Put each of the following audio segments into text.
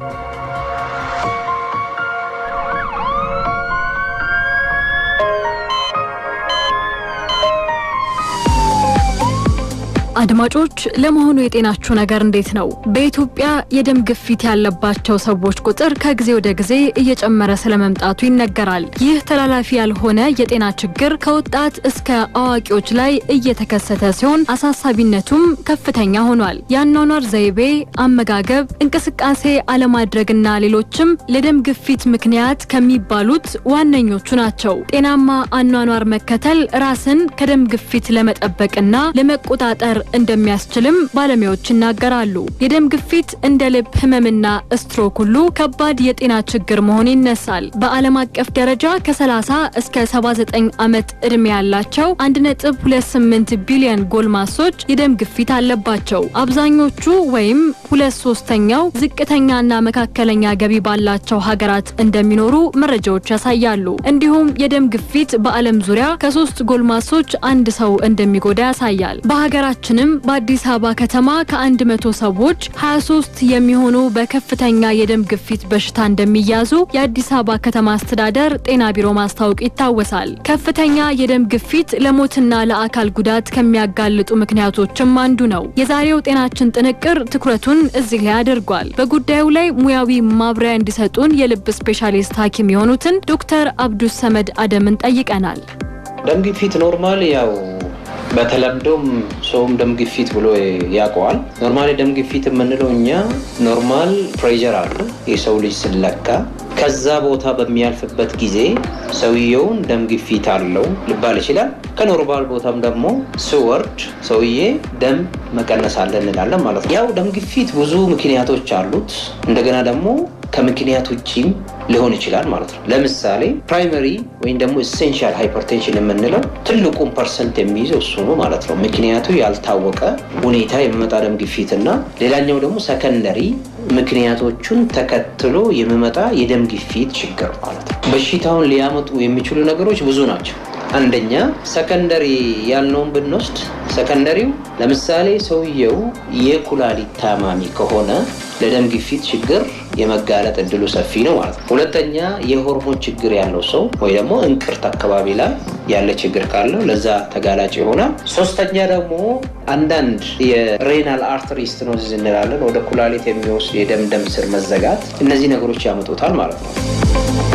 Música አድማጮች ለመሆኑ የጤናችሁ ነገር እንዴት ነው? በኢትዮጵያ የደም ግፊት ያለባቸው ሰዎች ቁጥር ከጊዜ ወደ ጊዜ እየጨመረ ስለመምጣቱ ይነገራል። ይህ ተላላፊ ያልሆነ የጤና ችግር ከወጣት እስከ አዋቂዎች ላይ እየተከሰተ ሲሆን አሳሳቢነቱም ከፍተኛ ሆኗል። የአኗኗር ዘይቤ፣ አመጋገብ፣ እንቅስቃሴ አለማድረግና ሌሎችም ለደም ግፊት ምክንያት ከሚባሉት ዋነኞቹ ናቸው። ጤናማ አኗኗር መከተል ራስን ከደም ግፊት ለመጠበቅና ለመቆጣጠር እንደሚያስችልም ባለሙያዎች ይናገራሉ። የደም ግፊት እንደ ልብ ህመምና ስትሮክ ሁሉ ከባድ የጤና ችግር መሆን ይነሳል። በዓለም አቀፍ ደረጃ ከ30 እስከ 79 ዓመት ዕድሜ ያላቸው 1.28 ቢሊዮን ጎልማሶች የደም ግፊት አለባቸው። አብዛኞቹ ወይም ሁለት ሶስተኛው ዝቅተኛና መካከለኛ ገቢ ባላቸው ሀገራት እንደሚኖሩ መረጃዎች ያሳያሉ። እንዲሁም የደም ግፊት በዓለም ዙሪያ ከሶስት ጎልማሶች አንድ ሰው እንደሚጎዳ ያሳያል። በሀገራችን አሁንም በአዲስ አበባ ከተማ ከ100 ሰዎች 23 የሚሆኑ በከፍተኛ የደም ግፊት በሽታ እንደሚያዙ የአዲስ አበባ ከተማ አስተዳደር ጤና ቢሮ ማስታወቅ ይታወሳል። ከፍተኛ የደም ግፊት ለሞትና ለአካል ጉዳት ከሚያጋልጡ ምክንያቶችም አንዱ ነው። የዛሬው ጤናችን ጥንቅር ትኩረቱን እዚህ ላይ አድርጓል። በጉዳዩ ላይ ሙያዊ ማብሪያ እንዲሰጡን የልብ ስፔሻሊስት ሐኪም የሆኑትን ዶክተር አብዱስ ሰመድ አደምን ጠይቀናል። ደም ግፊት ኖርማል ያው በተለምዶም ሰውም ደም ግፊት ብሎ ያውቀዋል። ኖርማል የደም ግፊት የምንለው እኛ ኖርማል ፕሬዠር አለ የሰው ልጅ ስለካ ከዛ ቦታ በሚያልፍበት ጊዜ ሰውየውን ደም ግፊት አለው ሊባል ይችላል። ከኖርማል ቦታም ደግሞ ስወርድ ሰውዬ ደም መቀነስ አለ እንላለን ማለት ነው። ያው ደም ግፊት ብዙ ምክንያቶች አሉት። እንደገና ደግሞ ከምክንያት ውጭም ሊሆን ይችላል ማለት ነው። ለምሳሌ ፕራይመሪ ወይም ደግሞ ኢሴንሻል ሃይፐርቴንሽን የምንለው ትልቁን ፐርሰንት የሚይዘው እሱ ነው ማለት ነው። ምክንያቱ ያልታወቀ ሁኔታ የሚመጣ ደም ግፊት እና ሌላኛው ደግሞ ሰከንደሪ ምክንያቶቹን ተከትሎ የሚመጣ የደም ግፊት ችግር ማለት ነው። በሽታውን ሊያመጡ የሚችሉ ነገሮች ብዙ ናቸው። አንደኛ ሰከንደሪ ያልነውን ብንወስድ ሰከንደሪው ለምሳሌ ሰውየው የኩላሊት ታማሚ ከሆነ ለደም ግፊት ችግር የመጋለጥ እድሉ ሰፊ ነው ማለት ነው። ሁለተኛ የሆርሞን ችግር ያለው ሰው ወይ ደግሞ እንቅርት አካባቢ ላይ ያለ ችግር ካለው ለዛ ተጋላጭ ይሆናል። ሶስተኛ ደግሞ አንዳንድ የሬናል አርትሪስት ስትኖዚስ እንላለን ወደ ኩላሊት የሚወስድ የደም ደም ስር መዘጋት፣ እነዚህ ነገሮች ያመጡታል ማለት ነው።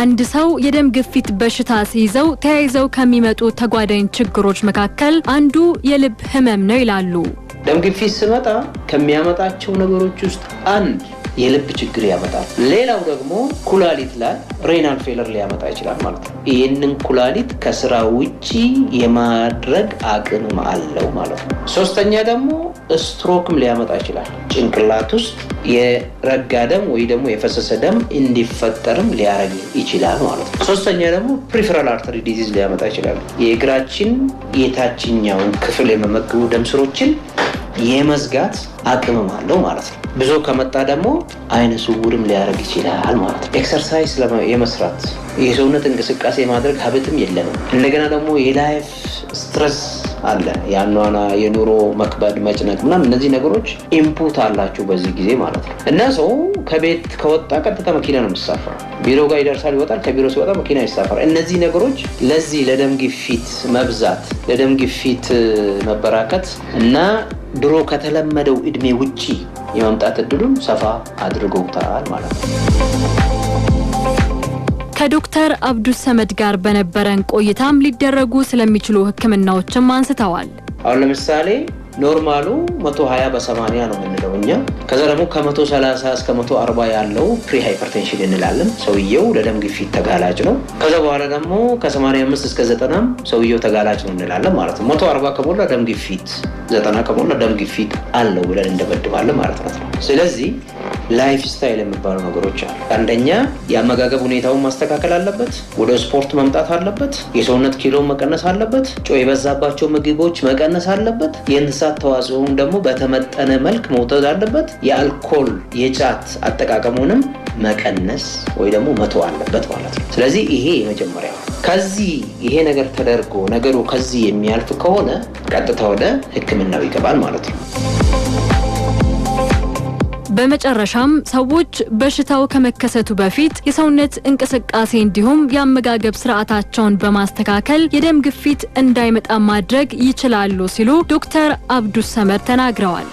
አንድ ሰው የደም ግፊት በሽታ ሲይዘው ተያይዘው ከሚመጡ ተጓዳኝ ችግሮች መካከል አንዱ የልብ ህመም ነው ይላሉ። ደም ግፊት ስመጣ ከሚያመጣቸው ነገሮች ውስጥ አንድ የልብ ችግር ያመጣል። ሌላው ደግሞ ኩላሊት ላይ ሬናል ፌለር ሊያመጣ ይችላል ማለት ነው። ይህንን ኩላሊት ከስራ ውጪ የማድረግ አቅም አለው ማለት ነው። ሶስተኛ ደግሞ ስትሮክም ሊያመጣ ይችላል። ጭንቅላት ውስጥ የረጋ ደም ወይ ደግሞ የፈሰሰ ደም እንዲፈጠርም ሊያረግ ይችላል ማለት ነው። ሶስተኛ ደግሞ ፕሪፈራል አርተሪ ዲዚዝ ሊያመጣ ይችላል። የእግራችን የታችኛውን ክፍል የመመግቡ ደም ስሮችን የመዝጋት አቅምም አለው ማለት ነው። ብዙ ከመጣ ደግሞ አይነ ስውርም ሊያደርግ ይችላል ማለት ነው። ኤክሰርሳይዝ የመስራት የሰውነት እንቅስቃሴ ማድረግ ሀብትም የለንም። እንደገና ደግሞ የላይፍ ስትረስ አለ። ያኗና የኑሮ መክበድ መጭነቅ ምናም እነዚህ ነገሮች ኢንፑት አላችሁ በዚህ ጊዜ ማለት ነው። እና ሰው ከቤት ከወጣ ቀጥታ መኪና ነው የሚሳፈር። ቢሮ ጋር ይደርሳል፣ ይወጣል። ከቢሮ ሲወጣ መኪና ይሳፈራል። እነዚህ ነገሮች ለዚህ ለደም ግፊት መብዛት፣ ለደም ግፊት መበራከት እና ድሮ ከተለመደው እድሜ ውጪ የመምጣት እድሉን ሰፋ አድርገውታል ማለት ነው። ከዶክተር አብዱስ ሰመድ ጋር በነበረን ቆይታም ሊደረጉ ስለሚችሉ ህክምናዎችም አንስተዋል። አሁን ለምሳሌ ኖርማሉ 120 በ80 ነው የምንለው እኛ። ከዛ ደግሞ ከ130 እስከ 140 ያለው ፕሪ ሃይፐርቴንሽን እንላለን። ሰውየው ለደም ግፊት ተጋላጭ ነው። ከዛ በኋላ ደግሞ ከ85 እስከ 90 ሰውየው ተጋላጭ ነው እንላለን ማለት ነው። 140 ከሞላ ደም ግፊት፣ 90 ከሞላ ደም ግፊት አለው ብለን እንደመድባለን ማለት ነው። ስለዚህ ላይፍ ስታይል የሚባሉ ነገሮች አሉ። አንደኛ የአመጋገብ ሁኔታውን ማስተካከል አለበት። ወደ ስፖርት መምጣት አለበት። የሰውነት ኪሎ መቀነስ አለበት። ጮ የበዛባቸው ምግቦች መቀነስ አለበት። የእንስሳት ተዋጽኦውን ደግሞ በተመጠነ መልክ መውጠድ አለበት። የአልኮል የጫት አጠቃቀሙንም መቀነስ ወይ ደግሞ መተው አለበት ማለት ነው። ስለዚህ ይሄ መጀመሪያ ከዚህ ይሄ ነገር ተደርጎ ነገሩ ከዚህ የሚያልፍ ከሆነ ቀጥታ ወደ ሕክምናው ይገባል ማለት ነው። በመጨረሻም ሰዎች በሽታው ከመከሰቱ በፊት የሰውነት እንቅስቃሴ እንዲሁም የአመጋገብ ስርዓታቸውን በማስተካከል የደም ግፊት እንዳይመጣ ማድረግ ይችላሉ ሲሉ ዶክተር አብዱስ ሰመድ ተናግረዋል።